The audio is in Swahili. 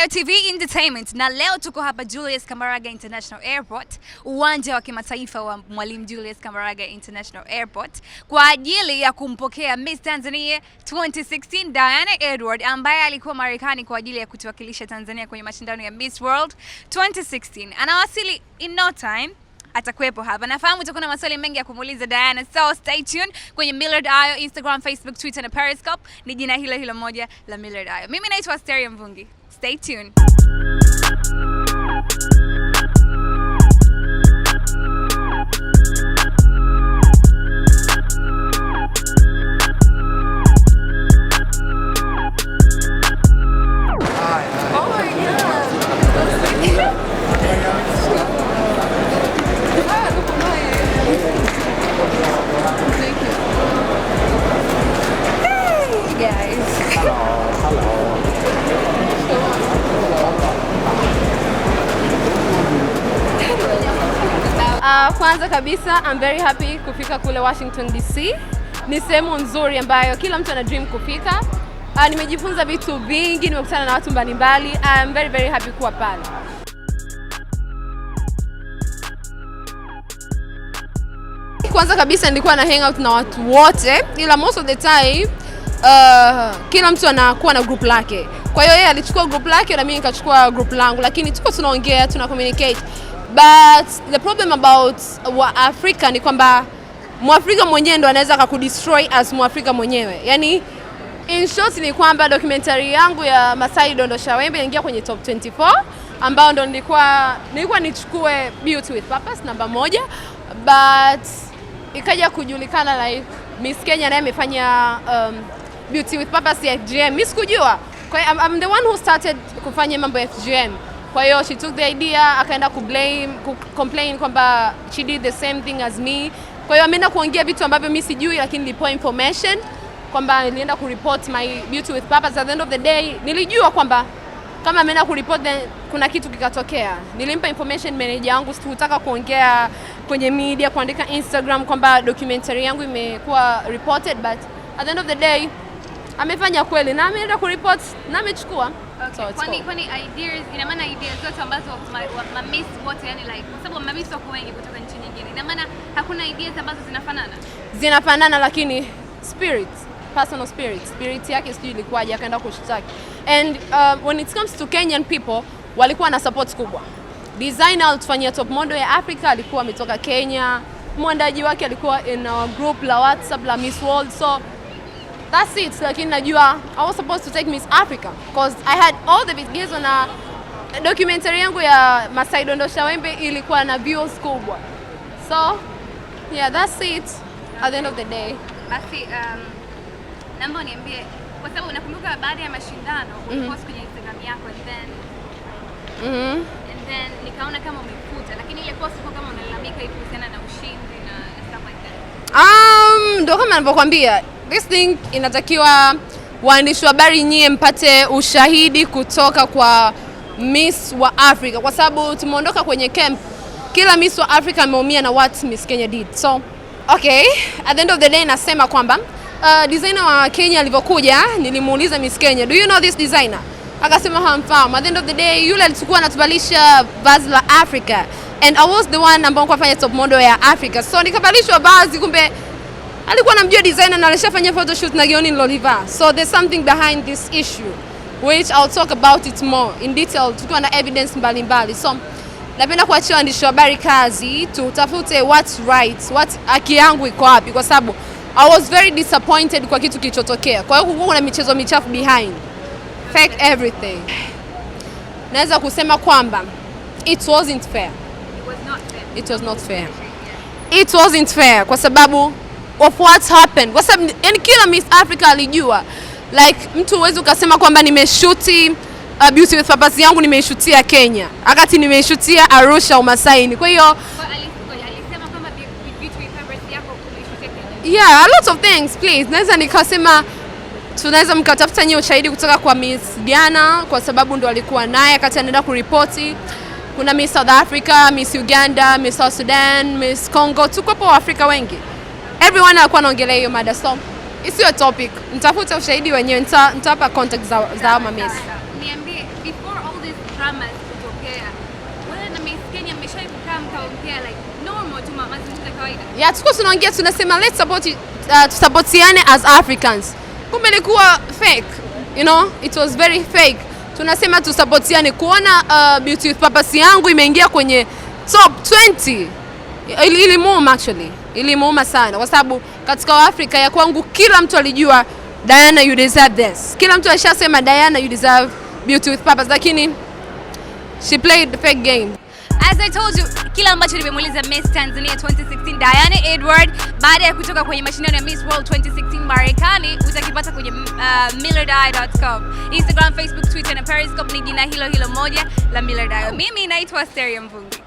Nayo TV Entertainment na leo tuko hapa Julius Kambarage International Airport, uwanja wa kimataifa wa Mwalimu Julius Kambarage International Airport kwa ajili ya kumpokea Miss Tanzania 2016 Diana Edward ambaye alikuwa Marekani kwa ajili ya kutuwakilisha Tanzania kwenye mashindano ya Miss World 2016. Anawasili in no time atakuwepo hapa. Nafahamu utakuwa na maswali mengi ya kumuuliza Diana, so stay tuned kwenye Millard Ayo Instagram, Facebook, Twitter na Periscope. Ni jina hilo hilo moja la Millard Ayo. Mimi naitwa Asteria Mvungi. Stay tuned. Uh, kwanza kabisa I'm very happy kufika kule Washington DC. Ni sehemu nzuri ambayo kila mtu ana dream kufika. Uh, nimejifunza vitu vingi, nimekutana na watu mbalimbali. I'm very very happy kuwa pale. Kwanza kabisa nilikuwa na hang out na watu wote, ila most of the time uh, kila mtu anakuwa na group lake. Kwa hiyo yeye alichukua group lake na mimi nikachukua group langu, lakini tuko tunaongea, tuna communicate But the problem about Afrika ni kwamba Mwafrika mwenyewe ndo anaweza kakudestroy as Mwafrika mwenyewe. Yaani in short ni kwamba documentary yangu ya Masai Dondo Shawembe ingia kwenye top 24 ambao ndo nilikuwa nilikuwa nichukue Beauty with Purpose namba moja, but ikaja kujulikana like Miss Kenya naye amefanya um, Beauty with Purpose ya FGM. Mimi sikujua. Kwa I'm, I'm the one who started kufanya mambo ya FGM. Kwa hiyo she took the idea akaenda ku complain kwamba she did the same thing as me. Kwa hiyo ameenda kuongea vitu ambavyo mimi sijui, lakini nilipewa information kwamba nilienda report my beauty with purpose. At the end of the day nilijua kwamba kama ameenda then kuna kitu kikatokea. Nilimpa information manager wangu, sikutaka kuongea kwenye media, kuandika Instagram kwamba documentary yangu imekuwa reported, but at the end of the day amefanya kweli na ameenda report na amechukua Okay. So kwani ideas ina maana ideas zote ambazo wote yani like kwa sababu wako wengi kutoka nchi nyingine, ina maana hakuna ideas ambazo zinafanana. Zinafanana lakini spirit, personal spirit, spirit yake sijui ilikuwaje akaenda kushtaki. And uh, when it comes to Kenyan people walikuwa na support kubwa. Designer alitufanyia top model ya Africa alikuwa ametoka Kenya. Mwandaji wake alikuwa in our group la WhatsApp la Miss World so that's it, lakini najua I was supposed to take Miss Africa because I had all the vigezo na documentary yangu ya Masai Dondosha Wembe ilikuwa na views kubwa, so yeah, that's it at the end of the day. Basi um, naomba uniambie kwa sababu nakumbuka baada ya mashindano mhm. ulipost kwenye Instagram yako and then mhm and then nikaona kama umefuta, lakini ile post kwa kama unalalamika ikihusiana na ushindi na stuff like that. Um, ndio kama nilivyokuambia this thing inatakiwa waandishi wa habari nyie mpate ushahidi kutoka kwa Miss wa Africa kwa sababu tumeondoka kwenye camp, kila Miss wa Africa ameumia na what Miss Kenya did. So okay, at the end of the day nasema kwamba uh, designer wa Kenya alivyokuja nilimuuliza Miss Kenya, do you know this designer? Akasema hamfahamu. At the end of the day yule alichukua anatuvalisha vazi la Africa and I was the one ambao kwa fanya top model ya Africa, so nikavalishwa vazi kumbe alikuwa anamjua designer na alishafanya photoshoot na gauni Loliva. So there's something behind this issue which I'll talk about it more in detail tukiwa na evidence mbalimbali mbali. So napenda kuachia waandishi wa habari kazi, tutafute what's right, what haki yangu iko wapi, kwa sababu I was very disappointed kwa kitu kilichotokea. Kwa hiyo kuna michezo michafu behind fake everything. Naweza kusema kwamba it wasn't fair. It was not fair. It was not fair. It wasn't fair kwa sababu of what happened. Kwa sababu yani kila Miss Africa alijua like mtu huwezi ukasema kwamba nimeshuti uh, beauty with purpose yangu nimeishutia Kenya wakati nimeishutia Arusha Umasaini. Kwa hiyo yeah, a lot of things please. Naweza nikasema tunaweza mkatafuta nyie ushahidi kutoka kwa Miss Ghana kwa sababu ndo alikuwa naye akati anaenda kuripoti. Kuna Miss South Africa, Miss Uganda, Miss South Sudan, Miss Congo, tuko hapo Afrika wengi everyone alikuwa anaongelea hiyo mada, so isiyo topic, nitafuta ushahidi wenyewe, nitawapa contact za za mama miss. Niambie, before all this drama kutokea, wewe na Miss Kenya mmeshawahi kukaa mkaongea like normal tu mazungumzo ya kawaida? Yeah, tulikuwa tunaongea tunasema let's support uh, tusapotiane as Africans, kumbe ilikuwa fake, you know, it was very fake. Tunasema tusupportiane kuona uh, Beauty with Purpose yangu imeingia kwenye top 20 ili, ili ilimuma actually ilimuuma sana, kwa sababu katika Afrika ya kwangu kila mtu alijua Diana you deserve this, kila mtu alishasema Diana you deserve beauty with purpose, lakini she played the fake game. As I told you, kila ambacho nimemuuliza Miss Tanzania 2016 Diana Edward baada ya kutoka kwenye mashindano ya Miss World 2016 Marekani utakipata kwenye uh, millardayo.com. Instagram, Facebook, Twitter na Periscope ni jina hilo hilo moja la Millardayo. Mimi naitwa Asteria Mvungi.